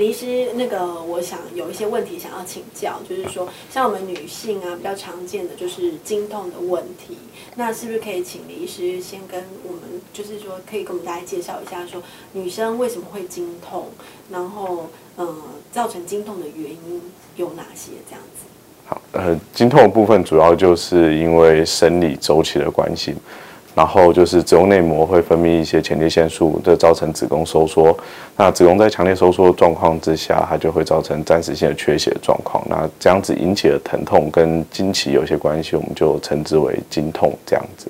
李醫師，那個我想有一些問題想要請教，就是說像我們女性啊，比較常見的就是經痛的問題，那是不是可以請李醫師先跟我們，就是說可以跟我們大家介紹一下說，說女生為什麼會經痛，然後嗯、呃，造成經痛的原因有哪些？這樣子。好，呃，經痛的部分主要就是因為生理周期的關係。然後就是子宮內膜會分泌一些前列腺素，這造成子宮收縮。那子宮在強烈收縮的狀況之下，它就會造成暫時性的缺血狀況。那這樣子引起的疼痛跟經期有些關係，我們就稱之為經痛。這樣子，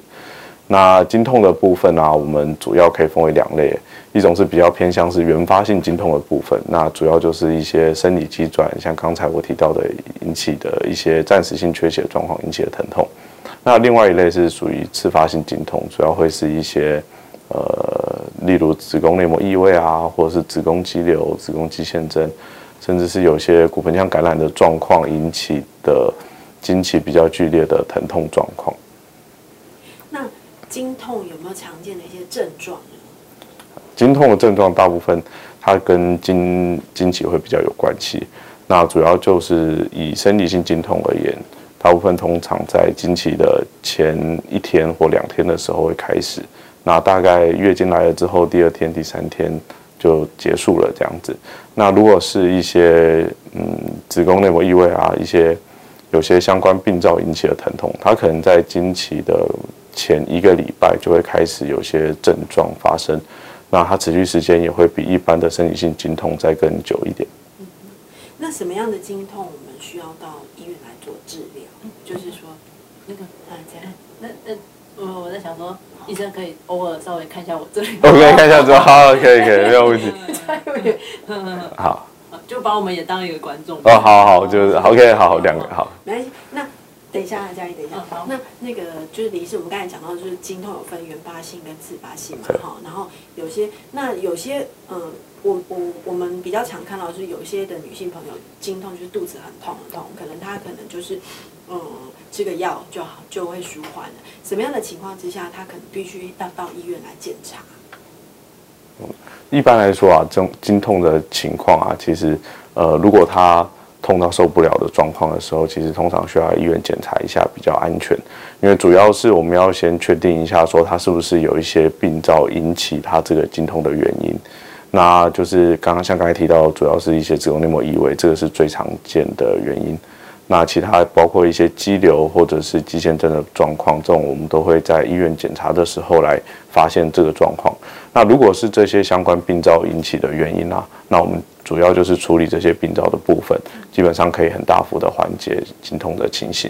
那經痛的部分啊，我們主要可以分為兩類，一種是比較偏向是原發性經痛的部分，那主要就是一些生理機轉，像剛才我提到的引起的一些暫時性缺血狀況引起的疼痛。那另外一類是屬於次發性經痛，主要會是一些，呃，例如子宮內膜異位啊，或者是子宮肌瘤、子宮肌腺症，甚至是有些骨盆腔感染的狀況引起的經期比較劇烈的疼痛狀況。那經痛有沒有常見的一些症狀呢？經痛的症狀大部分它跟經經期會比較有關係。那主要就是以生理性經痛而言。大部分通常在經期的前一天或兩天的時候會開始，那大概月經來了之後，第二天、第三天就結束了這樣子。那如果是一些嗯子宮內膜異位啊，一些有些相關病灶引起的疼痛，它可能在經期的前一個禮拜就會開始有些症狀發生，那它持續時間也會比一般的生理性經痛再更久一點。嗯，那什麼樣的經痛我們需要到醫院來做治療？就是說，那個啊，這樣，那那我我在想說，醫生可以偶爾稍微看一下我這裡。我可以看一下，這好，可以可以，沒有問題。沒有問題，嗯，好。就把我們也當一個觀眾。哦，好好，就是 OK，好，兩個好。沒關係，那等一下，嘉儀，等一下。好，那那個就是李醫生，我們剛才講到就是經痛有分原發性跟次發性嘛，哈，然後有些那有些嗯，我我我們比較常看到就是有些的女性朋友經痛就是肚子很痛很痛，可能她可能就是。嗯，這個藥就好就會舒緩了。什麼樣的情況之下，他可能必須要到醫院來檢查？嗯，一般來說啊，這種經痛的情況啊，其實呃，如果他痛到受不了的狀況的時候，其實通常需要來醫院檢查一下比較安全，因為主要是我們要先確定一下說，說他是不是有一些病灶引起他這個經痛的原因。那就是剛剛像剛才提到，主要是一些子宮內膜異位，這個是最常見的原因。那其他包括一些肌瘤或者是肌腺症的狀況，這種我們都會在醫院檢查的時候來發現這個狀況。那如果是這些相關病灶引起的原因啊，那我們主要就是處理這些病灶的部分，基本上可以很大幅的緩解經痛的情形。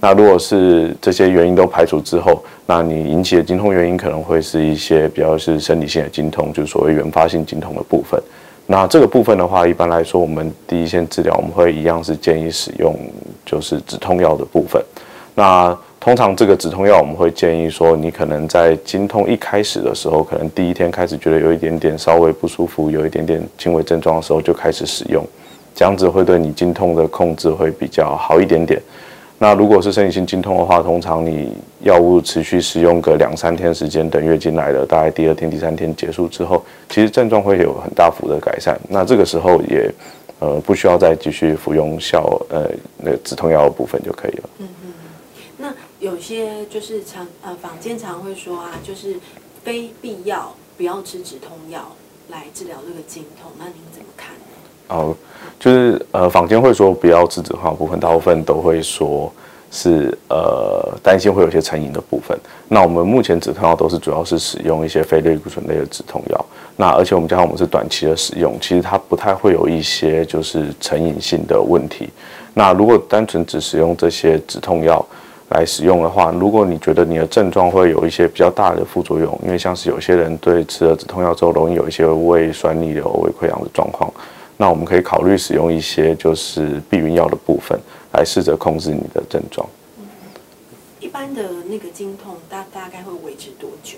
那如果是這些原因都排除之後，那你引起的經痛原因可能會是一些比較是生理性的經痛，就是所謂原發性經痛的部分。那這個部分的話，一般來說，我們第一線治療，我們會一樣是建議使用，就是止痛藥的部分。那通常這個止痛藥，我們會建議說，你可能在經痛一開始的時候，可能第一天開始覺得有一點點稍微不舒服，有一點點輕微症狀的時候就開始使用，這樣子會對你經痛的控制會比較好一點點。那如果是生理性經痛的話，通常你藥物持續使用個兩三天時間，等月經來了，大概第二天、第三天結束之後，其實症狀會有很大幅的改善。那這個時候也，呃，不需要再繼續服用效，呃，那個止痛藥的部分就可以了。嗯嗯。那有些就是常，呃，坊間常常會說啊，就是非必要不要吃止痛藥來治療這個經痛，那您怎麼看？哦、呃，就是呃，坊間會說不要吃止痛藥部分，大部分都會說是呃擔心會有些成癮的部分。那我們目前止痛藥都是主要是使用一些非類固醇類的止痛藥。那而且我們加上我們是短期的使用，其實它不太會有一些就是成癮性的問題。那如果單純只使用這些止痛藥來使用的話，如果你覺得你的症狀會有一些比較大的副作用，因為像是有些人對吃了止痛藥之後容易有一些胃酸逆流、胃潰瘍的狀況。那我們可以考慮使用一些就是避孕藥的部分，來試着控制你的症狀。嗯，一般的那個經痛大大概會維持多久？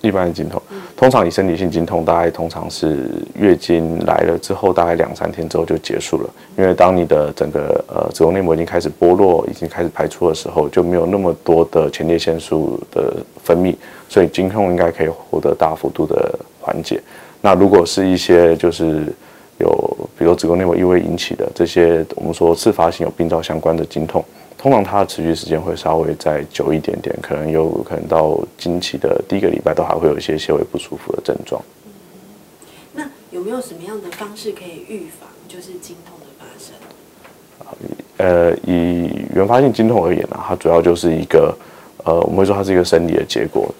一般的經痛，嗯，通常以生理性經痛，大概通常是月經來了之後，大概兩三天之後就結束了。嗯，因為當你的整個呃子宮內膜已經開始剝落，已經開始排出的時候，就沒有那麼多的前列腺素的分泌，所以經痛應該可以獲得大幅度的緩解。那如果是一些就是。有，比如子宮內膜異位引起的這些，我們說次發性有病灶相關的經痛，通常它的持續時間會稍微再久一點點，可能有，可能到經期的第一個禮拜都還會有一些些微不舒服的症狀。嗯，那有沒有什麼樣的方式可以預防，就是經痛的發生？呃，以原發性經痛而言呢、啊，它主要就是一個，呃，我們會說它是一個生理的結果。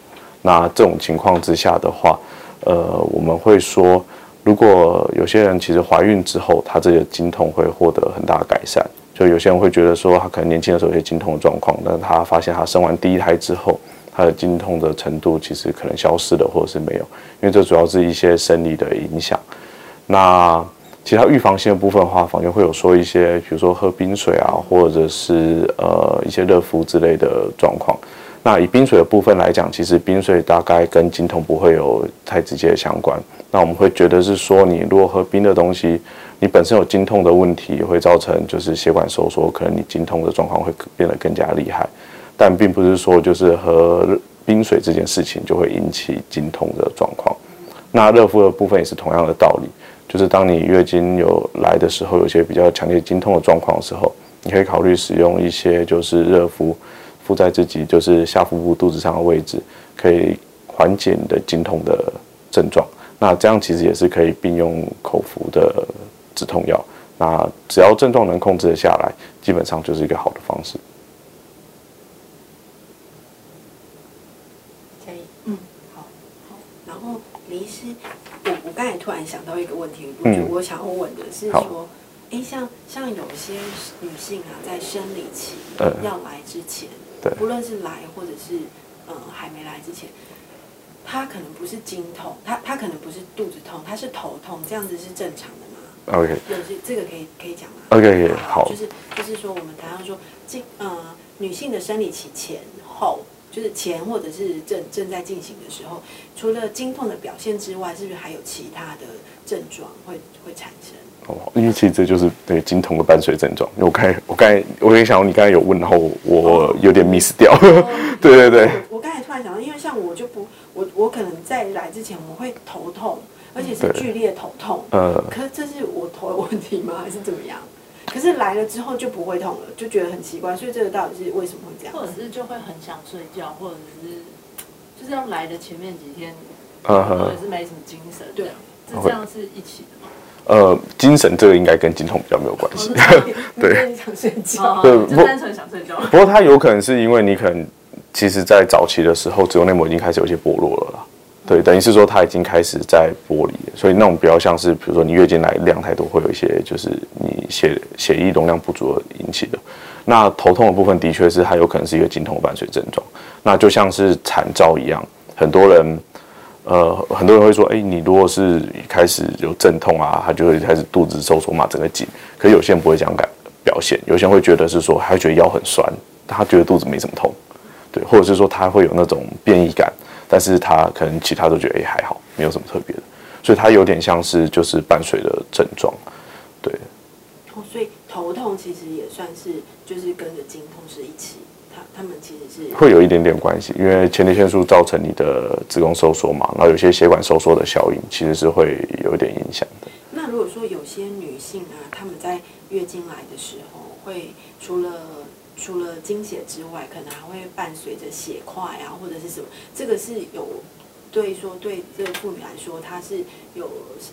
那這種情況之下的話，呃，我們會說。如果有些人其實懷孕之後，她這些經痛會獲得很大的改善。就有些人會覺得說，她可能年輕的時候有些經痛的狀況，但她發現她生完第一胎之後，她的經痛的程度其實可能消失了，或者是沒有，因為這主要是一些生理的影響。那其他預防性的部分的話，坊間會有說一些，比如說喝冰水啊，或者是呃一些熱敷之類的狀況。那以冰水的部分來講，其實冰水大概跟經痛不會有太直接的相關。那我們會覺得是說，你如果喝冰的東西，你本身有經痛的問題，會造成就是血管收縮，可能你經痛的狀況會變得更加厲害。但並不是說就是喝冰水這件事情就會引起經痛的狀況。那熱敷的部分也是同樣的道理，就是當你月經有來的時候，有些比較強烈經痛的狀況的時候，你可以考慮使用一些就是熱敷，在自己就是下腹部肚子上的位置，可以緩解你的經痛的症狀。那這樣其實也是可以併用口服的止痛藥。那只要症狀能控制得下來，基本上就是一個好的方式。Okay. 嗯好，好，然後李醫師，我我剛才突然想到一個問題，我、嗯、就我想問的是說，哎好、欸，像像有些女性啊，在生理期要來之前。嗯對，不論是來或者是嗯還沒來之前，她可能不是經痛，她她可能不是肚子痛，她是頭痛，這樣子是正常的嗎？OK，就是這個可以可以講嗎？OK，okay，好，好，就是就是說我們談到說經，嗯，呃，女性的生理期前後，就是前或者是正正在進行的時候，除了經痛的表現之外，是不是還有其他的症狀會會產生？哦，因為其實這就是對經痛的伴隨症狀。我剛我剛才我也想到你剛才有問，然後我有點 miss 掉。對對對，我剛才突然想到，因為像我就不我我可能在來之前我會頭痛，而且是劇烈頭痛。嗯，可是這是我頭有問題嗎？還是怎麼樣？可是來了之後就不會痛了，就覺得很奇怪。所以這個到底是為什麼會這樣？或者是就會很想睡覺，或者是就是要來的前面幾天，或者、嗯、是沒什麼精神。嗯、對，這會這樣是一起的嘛？呃，精神這個應該跟經痛比較沒有關係，哦、 對，想睡覺，對，不單純想睡覺。不，睡覺不過它有可能是因為你可能，其實，在早期的時候子宮內膜已經開始有一些剝落了啦，對，等於是說它已經開始在剝離，所以那種比較像是，比如說你月經來量太多，會有一些就是你血血液容量不足而引起的。那頭痛的部分的確是它有可能是一個經痛伴隨症狀，那就像是煩躁一樣，很多人。呃，很多人會說，哎、欸，你如果是一開始有陣痛啊，他就會開始肚子收縮嘛，整個緊。可是有些人不會這樣感表現，有些人會覺得是說，他覺得腰很酸，他覺得肚子沒怎麼痛，對，或者是說他會有那種變異感，但是他可能其他都覺得哎、欸、還好，沒有什麼特別的，所以他有點像是就是伴隨的症狀，對、哦。所以頭痛其實也算是就是跟着經痛是一起。他們其實是會有一點點關係，因為前列腺素造成你的子宮收縮嘛，然後有些血管收縮的效應其實是會有一點影響的。那如果說有些女性啊，她們在月經來的時候，會除了除了經血之外，可能還會伴隨着血塊啊，或者是什麼，這個是有。對於說對這個婦女來說，她是有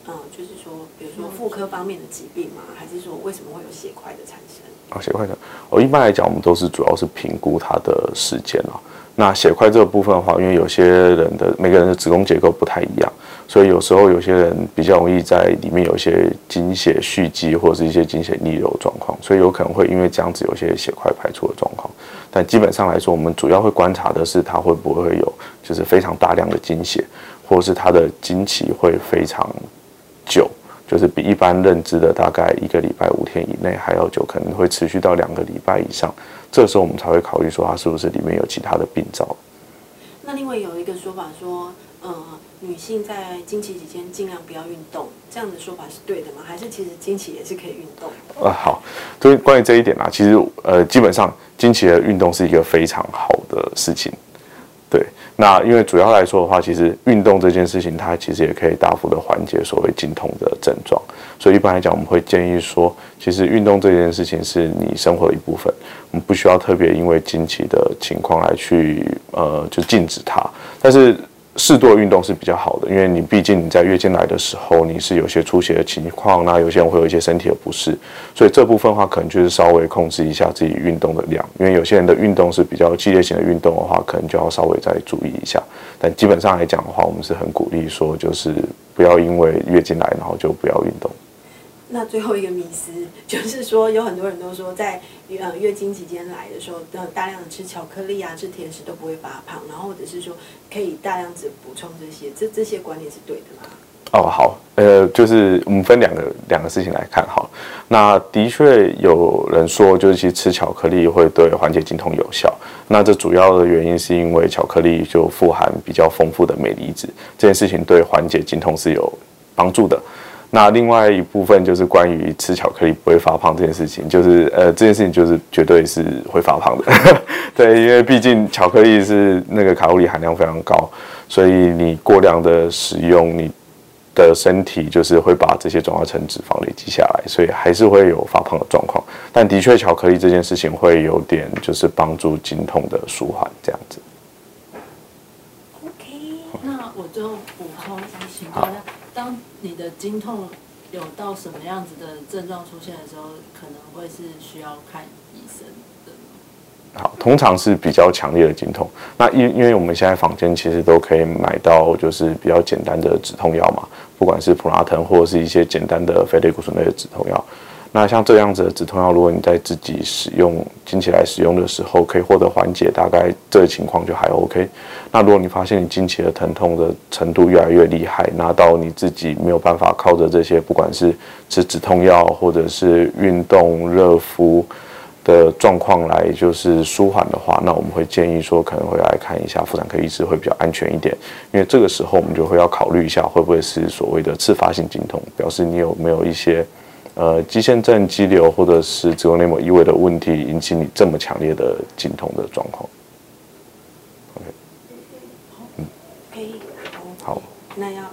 嗯，就是說，比如說婦科方面的疾病嗎？還是說為什麼會有血塊的產生？啊、哦，血塊的，我、哦、一般來講，我們都是主要是評估它的時間啊，那血塊這個部分的話，因為有些人的每個人的子宮結構不太一樣，所以有時候有些人比較容易在裡面有一些經血蓄積，或者是一些經血逆流狀況，所以有可能會因為這樣子有些血塊排出的狀況。但基本上來說，我們主要會觀察的是她會不會有。就是非常大量的經血，或是它的經期會非常久，就是比一般認知的大概一個禮拜五天以內還要久，可能會持續到兩個禮拜以上。這時候我們才會考慮說它是不是裡面有其他的病灶。那另外有一個說法說，嗯、呃，女性在經期期間儘量不要運動，這樣的說法是對的嗎？還是其實經期也是可以運動？呃，好，所以關於這一點啊，其實呃，基本上經期的運動是一個非常好的事情。對，那因為主要來說的話，其實運動這件事情，它其實也可以大幅的緩解所謂經痛的症狀，所以一般來講，我們會建議說，其實運動這件事情是你生活的一部分，我們不需要特別因為經期的情況來去呃就禁止它，但是。適度的運動是比較好的，因為你畢竟你在月經來的時候，你是有些出血的情況啊，那有些人會有一些身體的不適，所以這部分的話可能就是稍微控制一下自己運動的量，因為有些人的運動是比較激烈型的運動的話，可能就要稍微再注意一下。但基本上來講的話，我們是很鼓勵說，就是不要因為月經來然後就不要運動。那最後一個迷思就是說，有很多人都說在，在呃月經期間來的時候，呃，大量的吃巧克力啊，吃甜食都不會發胖，然後或者是說可以大量子補充這些，這這些觀念是對的嗎？哦，好，呃，就是我們分兩個兩個事情來看哈。那的確有人說，就是吃巧克力會對緩解經痛有效。那這主要的原因是因為巧克力就富含比較豐富的鎂離子，這件事情對緩解經痛是有幫助的。那另外一部分就是關於吃巧克力不會發胖這件事情，就是呃這件事情就是絕對是會發胖的， 對，因為畢竟巧克力是那個卡路里含量非常高，所以你過量的使用，你的身體就是會把這些轉化成脂肪累積下來，所以還是會有發胖的狀況。但的確，巧克力這件事情會有點就是幫助經痛的舒緩這樣子。OK，那我就補充才行。當你的經痛有到什麼樣子的症狀出現的時候，可能會是需要看醫生的。好，通常是比較強烈的經痛。那因因為我們現在坊間其實都可以買到，就是比較簡單的止痛藥嘛，不管是普拿疼或者是一些簡單的非類固醇類止痛藥。那像這樣子的止痛藥，如果你在自己使用經期來使用的時候，可以獲得緩解，大概這個情況就還 OK。那如果你發現你經期的疼痛的程度越來越厲害，那到你自己沒有辦法靠着這些，不管是吃止痛藥或者是運動熱敷的狀況來就是舒緩的話，那我們會建議說可能會來看一下婦產科醫師會比較安全一點，因為這個時候我們就會要考慮一下會不會是所謂的次發性經痛，表示你有沒有一些。呃，肌腺症、肌瘤或者是子宮內膜異位的問題，引起你這麼強烈的經痛的狀況。OK，好，那要誒。